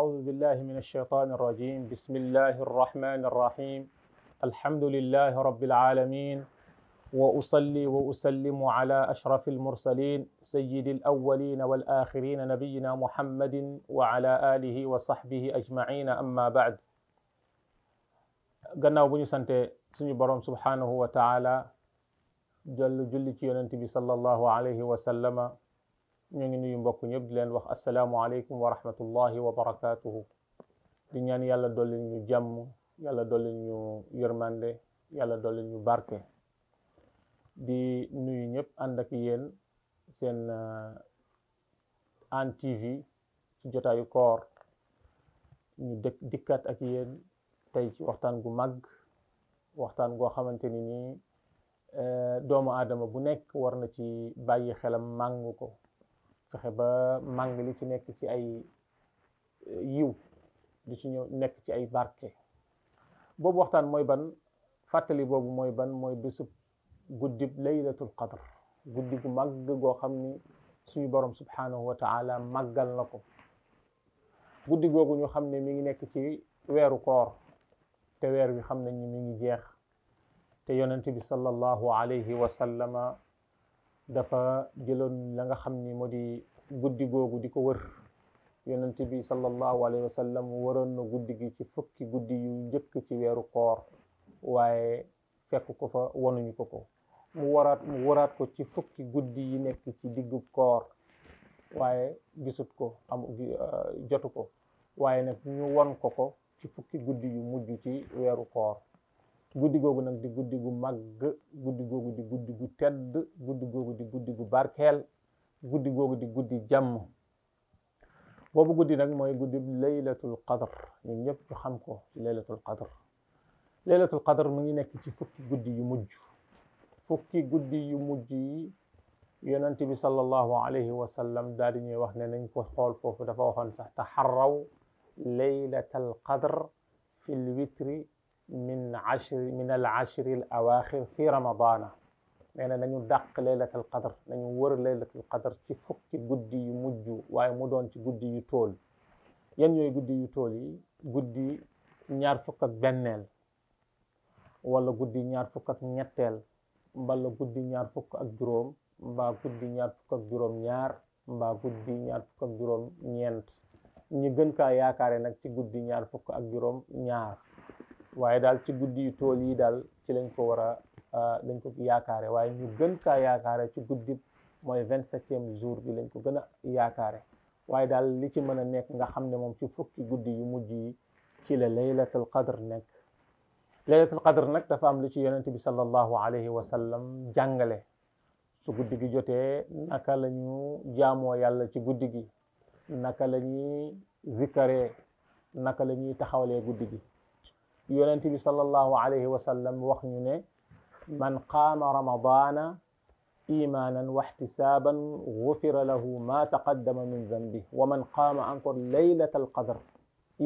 أعوذ بالله من الشيطان الرجيم بسم الله الرحمن الرحيم الحمد لله رب العالمين وأصلي وأسلم على أشرف المرسلين سيد الأولين والآخرين نبينا محمد وعلى آله وصحبه أجمعين أما بعد gannaaw bu ñu sante suñu borom subhanahu wa taala jollu julli ci yonent bi sallallahu alayhi wa sallama ñoo ngi nuyu mbokk ñëpp di leen wax asalaamualeykum wa rahmatullahi wa barakaatuhu di ñaan yàlla dolli ñu jàmm yàlla dolli ñu yërmande yàlla dolli ñu barke di nuyu ñëpp ànd ak yéen seen Hann TV ci jotaayu koor ñu dëkk dikkaat ak yéen tey ci waxtaan gu mag waxtaan goo xamante ni nii eh, doomu aadama bu nekk war na ci bàyyi xelam màng ko fexe ba màng li ci nekk ci ay eh, yiw li ci ñëw nekk ci ay barke boobu waxtaan mooy ban fàttali boobu mooy ban mooy bésub guddib laylatul qadr guddi gu mag goo xam ni suñu borom subhanahu wa taala màggal na ko guddi googu ñu xam ne mi ngi nekk ci weeru koor te weer wi xam nañ ni mu ngi jeex te yonent bi sallallahu alayhi wa sallama dafa jëloon la nga xam ni moo di guddi googu di ko wër yonent bi sallallahu alayhi wa sallam waroon na guddi gi ci fukki guddi yu njëkk ci weeru koor waaye fekk ko fa wonuñu ko ko mu waraat mu waraat ko ci fukki guddi yi nekk ci diggu koor waaye gisut ko am euh, jotu ko waaye nag ñu won ko ko ci fukki guddi yu mujj ci weeru koor guddi googu nag di guddi gu màgg guddi googu di guddi gu tedd guddi googu di guddi gu barkeel guddi googu di guddi jàmm boobu guddi nag mooy guddi laylatul qadr ñun ñëpp ñu xam ko ci laylatul qadr laylatul qadr mu ngi nekk ci fukki guddi yu mujj fukki guddi yu mujj yi yonent bi sallallahu alayhi wa sallam daal di ñuy wax ne nañ ko xool foofu dafa waxoon sax taxarraw laylatal qadr fi lwitri min ashri min al ashri al awaaxir fi ramadaana nee na nañu dàq laylatul qadr nañu wër laylatul qadr ci fukk ci guddi yu mujj waaye mu doon ci guddi yu tool yan yooyu guddi yu tool yi guddi ñaar fukk ak benneel wala guddi ñaar fukk ak ñetteel mbala guddi ñaar fukk ak juróom mbaa guddi ñaar fukk ak juróom ñaar guddi ñaar fukk ak juróom ñeent ñi gën kaa yaakaare nag ci guddi ñaar fukk ak juróom ñaar waaye daal ci guddi yu tool yi daal ci lañ ko war a Euh, lañ ko yaakaare waaye ñu gën kaa yaakaare ci guddi mooy vingt septième jour bi lañ ko gën a yaakaare waaye daal li ci mën a nekk nga xam ne moom ci fukki guddi yu mujj yi ci la laylatul qadr nekk laylatul qadr nag dafa am lu ci yonent bi sallallahu alayhi wa sallam jàngale su guddi gi jotee naka la ñu jaamoo yàlla ci guddi gi naka la ñuy zikkaree naka la ñuy taxawalee guddi gi yonent bi sallallahu alayhi wa sallam wax man qaama ramadaana imaanan wa ihtisaaban gufira lahu ma taqaddama min zambi wa man qaama encore laylat al qadr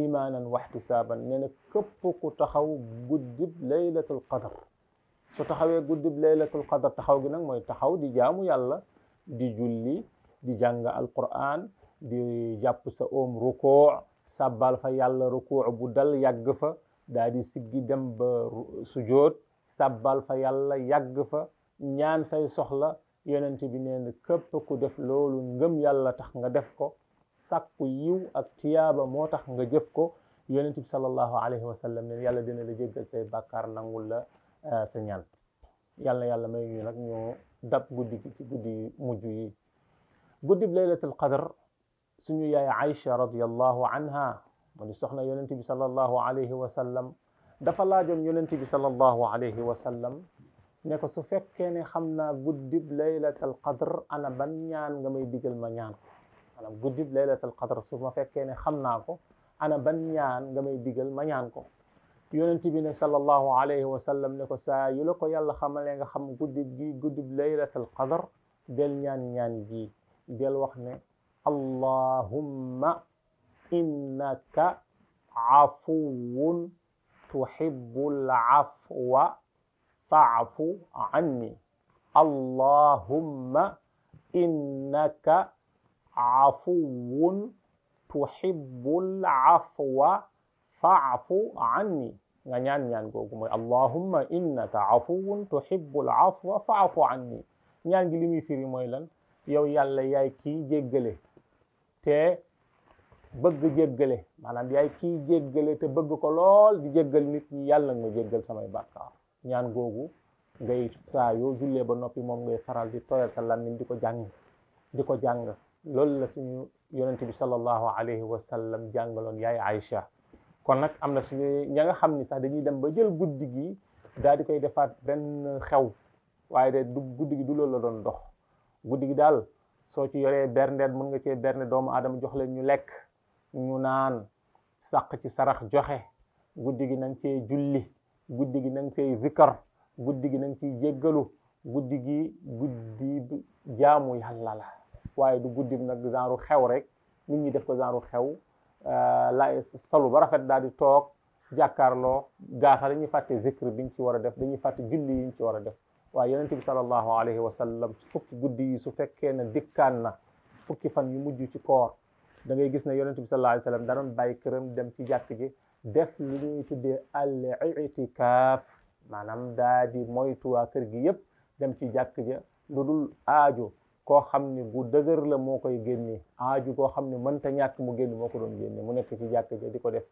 imaanan wa ihtisaaban nee na képp ku taxaw guddib laylatul qadr su taxawee guddib laylatul qadr taxaw gi nag mooy taxaw di jaamu yàlla di julli di jàng alquran di jàpp sa oom rukoo sàbbal fa yàlla rukoo bu dal yàgg fa daa di siggi dem ba sujoot sabbal fa yàlla yàgg fa ñaan say soxla yonent bi nee na ku def loolu ngëm yàlla tax nga def ko sàkku yiw ak tiyaaba moo tax nga jëf ko yonent bi sallallahu alayhi wa sallam ne yàlla dina la jéggal say bàkkaar nangul la euh, sa ñaan yàlla yàlla may ñu nag ñu dab guddi gi ci guddi mujj yi guddib laylatul qadr suñu yaay Aïcha radiyallahu anha mu di soxna yonent bi sallallahu alayhi wa sallam dafa laajoon yonent bi sallallahu alayhi wa sallam ne ko su fekkee ne xam naa guddib laylatal qadr ana ban ñaan nga may digal ma ñaan ko maanaam guddib laylatal qadr su ma fekkee ne xam naa ko ana ban ñaan nga may digal ma ñaan ko yonent bi ne sallallahu alayhi wa sallam ne ko saa yu la ko yàlla xamalee nga xam guddib gi guddib laylatal qadr del ñaan ñaan gi del wax ne allahumma innaka afuwun tuhibbul afwa fa'fu anni allahumma innaka afuwun tuhibbul afwa fa'fu anni nga ñaan ñaan googu mooy allahumma innaka afuwun tuhibbul afwa fa'fu anni ñaan gi li muy firi mooy lan yow yàlla yaay kii jéggale te bëgg jéggale maanaam yaay kii jéggale te bëgg ko lool di jéggal nit ñi yàlla nga jéggal samay bàkkaar ñaan googu ngay saa yoo jullee ba noppi moom ngay faral di tooyal sa làmmiñ di ko jàng di ko jàng loolu la suñu yonent bi sallallahu alayhi wa sallam jàngaloon yaay Aïcha kon nag am na suñu ña nga xam ni sax dañuy dem ba jël guddi gi daal di koy defaat benn xew waaye de du guddi gi du loolu la doon dox guddi gi daal soo ci yoree berndeet mën nga cee bernde doomu aadama jox leen ñu lekk ñu naan sàq ci sarax joxe guddi gi nañ cee julli guddi gi nañ cee zikar guddi gi nañ ciy jéggalu guddi gi guddi jaamu yàlla la waaye du guddi nag genre xew rek nit ñi def ko genre xew euh, la salu ba rafet daal di toog jàkkaarloo gaasa dañuy fàtte zikr biñ ci war a def dañuy fàtte julli yiñ ci war a def waaye yonent bi sallallahu alayhi wa sallam fukki guddi yi su fekkee na dikkaan na fukki fan yu mujj ci koor da ngay gis ne yonent bi sallallahu alayhi wa sallam da doon bàyyi këram dem ci jàkk ji def li ñuy tuddee al itikaaf maanaam daa di moytu waa kër gi yépp dem ci jàkk ja lu dul aajo koo xam ne bu dëgër la moo koy génne aaju koo xam ne mënta ñàkk mu génn moo ko doon génne mu nekk ci jàkk ja di ko def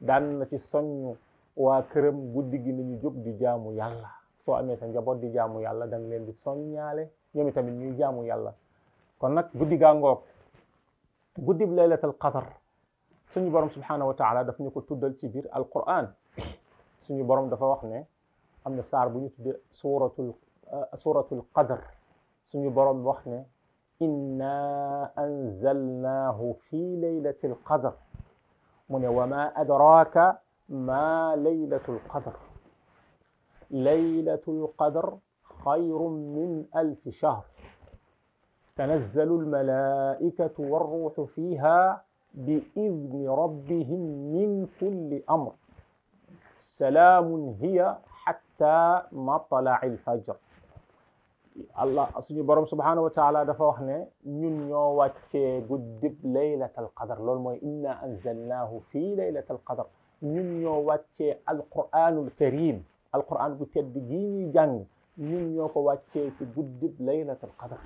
daan na ci soññ waa këram guddi gi ni ñu jóg di jaamu yàlla soo amee sa njaboot di jaamu yàlla da nga leen di soññaale ñoom itamit ñuy jaamu yàlla kon nag guddi gaa ngoog guddib laylatul qadar suñu borom subhanahu wa taala daf ñu ko tuddal ci biir alquran suñu borom dafa wax ne am na saar bu ñu tuddee suratul euh, suratul qadar suñu borom wax ne inna anzalnaahu fi laylatil qadar mu ne wa ma adraaka ma laylatul qadar laylatul qadar xayrun min alfi shahr tanazzalu almalaikatu warruuxu fiha biidni rabbihim min kulli amr salaamun hiya xatta matlaci alfajr allah suñu borom subhanahu wa taala dafa wax ne ñun ñoo wàccee guddib laylat alqadr loolu mooy inna anzalnaahu fii laylat alqadr ñun ñoo wàccee alquranul karim alquran bu tedd gii ñuy jàng ñun ñoo ko wàccee ci guddib laylat alqadr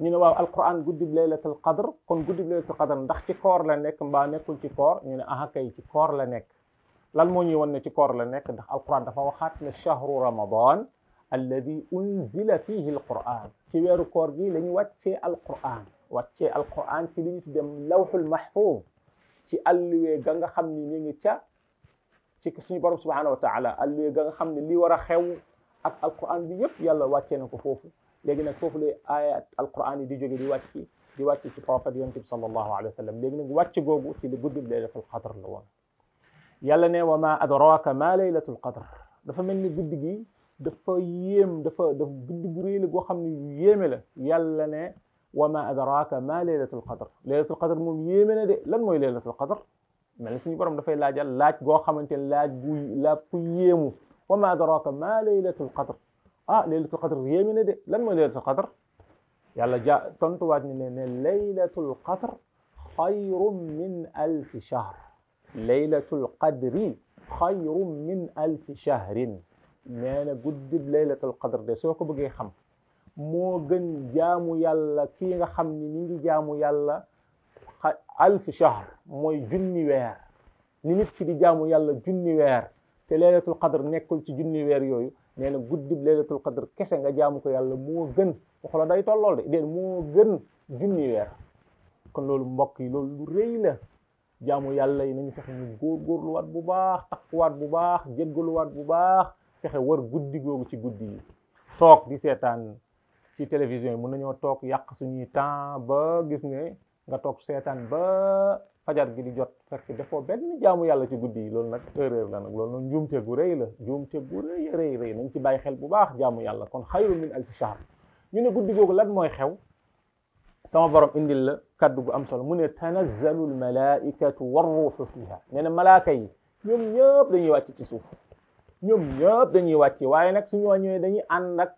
ñu ne waaw alquran guddib laylatul qadr kon guddib laylatul qadr ndax ci koor la nekk mbaa nekkul ci koor ñu ne aha kay ci koor la nekk lan moo ñuy wan ne ci koor la nekk ndax alquran dafa waxaat ne shahru ramadan alladi unzila fihi alquran ci weeru koor gi la ñu wàccee alquran wàccee alquran ci li ñu tuddee lawxul mahfuz ci alluwee ga nga xam ni ñu ngi ca ci suñu borom subhanahu wa taala alluwee ga nga xam ne li war a xew ak alquran bi yépp yàlla wàccee na ko foofu léegi nag foofu lay aaya alquran yi di jóge di wàcc di wàcc ci prophète yonent bi sallallahu alayhi wa sallam léegi nag wàcc googu ci li guddub laylatul qadr la woon yàlla ne wa ma adraka ma laylatul qadr dafa mel ni guddi gi dafa yéem dafa daf guddi gu réy la goo xam ne yéeme la yàlla ne wa ma adraka ma laylatul qadr laylatul qadr moom yéeme na de lan mooy laylatul qadr mel suñu borom dafay laajal laaj goo xamante ne laaj bu laaj ku yéemu wa ma adraka ma laylatul qadr ah laylatul qadr yéemi ne de lan mooy laylatul qadr yàlla ja tontuwaat ni ne ne laylatul qadr xayrun min alfi shahr laylatul qadri xayrun min alfi shahrin nee na guddib laylatul qadr de soo ko bëggee xam moo gën jaamu yàlla kii nga xam ni ni ngi jaamu yàlla alfi shahr mooy junni weer ni nit ki di jaamu yàlla junni weer te laylatul qadr nekkul ci junni weer yooyu nee na guddib laylatul qadr kese nga jaamu ko yàlla moo gën waxula day tollool de déen moo gën junni weer kon loolu mbokk yi loolu lu rëy la jaamu yàlla yi ñu fexe ñu góorgóorluwaat bu baax takkuwaat bu baax jéggaluwaat bu baax fexe war guddi googu ci guddi yi toog di seetaan ci télévision yi mën nañoo toog yàq suñuy temps ba gis ne nga toog seetaan ba fajar gi di jot fekk defoo benn jaamu yàlla ci guddi yi loolu nag erreur la nag loolu nag njuumte gu rëy la njuumte gu rëy rëy rëy nañ ci bàyyi xel bu baax jaamu yàlla kon xayru min alfi shahr ñu ne guddi googu lan mooy xew sama borom indil la kaddu gu am solo mu ne tanazzalu al malaikatu war ruuxu fiha nee na malaaka yi ñoom ñëpp dañuy wàcc ci suuf ñoom ñëpp dañuy wàcc waaye nag suñu wàññee dañuy ànd ak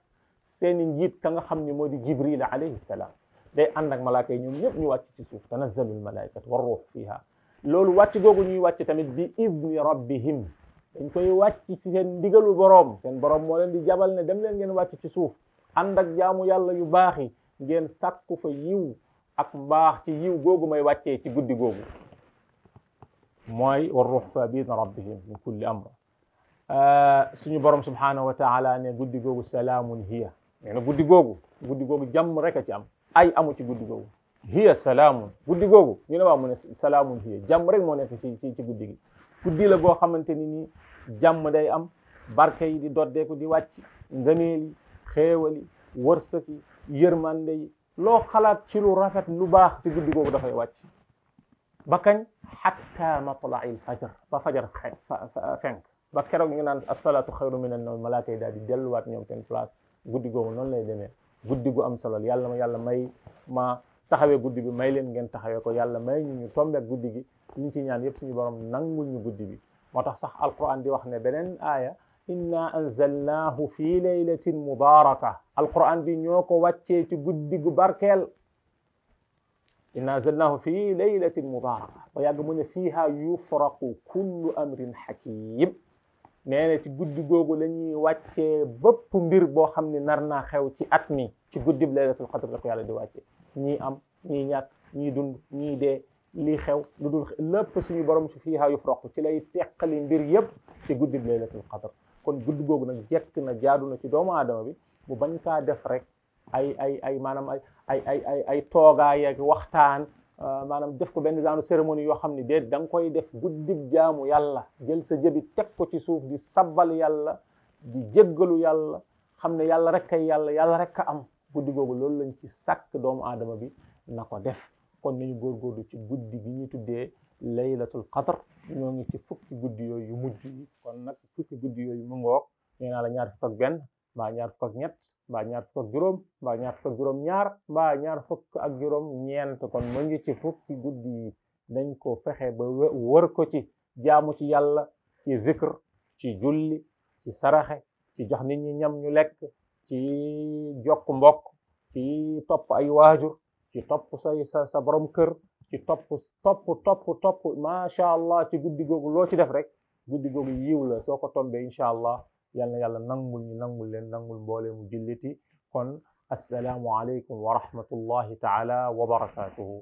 seeni njiit ka nga xam ni moo di jibril alayhi salaam day ànd ak malaaka yi ñoom ñëpp ñu wàcc ci suuf tanazzalul malaikatu war ruux fiha loolu wàcc googu ñuy wàcc tamit bi idni rabbihim dañ koy wàcc ci seen ndigalu boroom seen boroom moo leen di jabal ne dem leen ngeen wàcc ci suuf ànd ak jaamu yàlla yu baax yi ngeen sàkku fa yiw ak mbaax ci yiw googu may wàccee ci guddi googu mooy war ruux fa bi idni rabbihim min kulli amr euh, suñu borom subhanahu wa taala ne guddi googu salaamun hiya nee na guddi googu guddi googu jàmm rek a ci am ay amu ci guddi googu hiya salaamun guddi googu ñu ne waaw mu ne salaamun hiya jàmm rek moo nekk ci ci guddi gi guddi la goo xamante ni nii jàmm day am barke yi di doddeeku di wàcc ngëneel yi xéewal yi wërsëg yi loo xalaat ci lu rafet lu baax ci guddi googu dafay wàcc ba kañ xatta matla'il fajar ba fajar fenk ba keroog ñu naan asalaatu xayru min an nawm malaaka yi daal di delluwaat ñoom seen place guddi googu noonu lay demee guddi gu am solo yàlla ma yàlla may ma taxawee guddi gu may leen ngeen taxawee ko yàlla may ñu ñu tombeek guddi gi ñu ci ñaan yëpp suñu borom nangul ñu guddi bi moo tax sax alquran di wax ne beneen aaya inna anzalnaahu fi laylatin mubaraka alquran bi ñoo ko wàccee ci guddi gu barkeel inna anzalnaahu fi laylatin mubaraka ba yàgg mu ne fiiha yufraqu kullu amrin hakim nee na ci guddi googu la ñuy wàccee bépp mbir boo xam ne nar naa xew ci at mi ci guddi bi laylatul xadr la ko yàlla di wàccee ñii am ñii ñàkk ñii dund ñii de lii xew lu dul lépp borom ci fiihaa yufraqu ci lay teqali mbir yëpp ci guddi bi laylatul xadr kon guddi googu nag jekk na jaadu na ci doomu aadama bi bu bañ kaa def rek ay ay ay maanaam ay ay ay ay ay toogaay waxtaan Euh, maanaam def ko benn genre cérémonie yoo xam ni déet da koy def guddig jaamu yàlla jël sa jëbi teg ko ci suuf di sabbal yàlla di jéggalu yàlla xam ne yàlla rek kay yàlla yàlla rek am guddi googu loolu lañ ci sàkk doomu aadama bi na ko def kon nañu góorgóorlu ci guddi gi ñu tuddee laylatul qadr ñoo ngi ci fukki guddi yooyu yu mujj yi kon nag fukki guddi yooyu mu ngoog nee naa la ñaar fukk ak benn mbaa ñaar fukk ak ñett mbaa ñaar fukk ak juróom mbaa ñaar fukk ak juróom ñaar mbaa ñaar fukk ak juróom ñeent ci fukki guddi yi dañ ko ba wër ko ci jaamu ci yàlla ci vikr ci julli ci saraxe ci jox nit ñi ñam ñu lekk ci jokk mbokk ci topp ay waajur ci topp say sa sa borom kër ci topp topp topp topp macha allah ci guddi googu loo ci def rek guddi googu yiw la soo ko tombee incha allah yal na yàlla nangul ñu nangul leen nangul mboolee mu julliti kon assalaamu aleykum wa rahmatullahi taala wa barakatuhu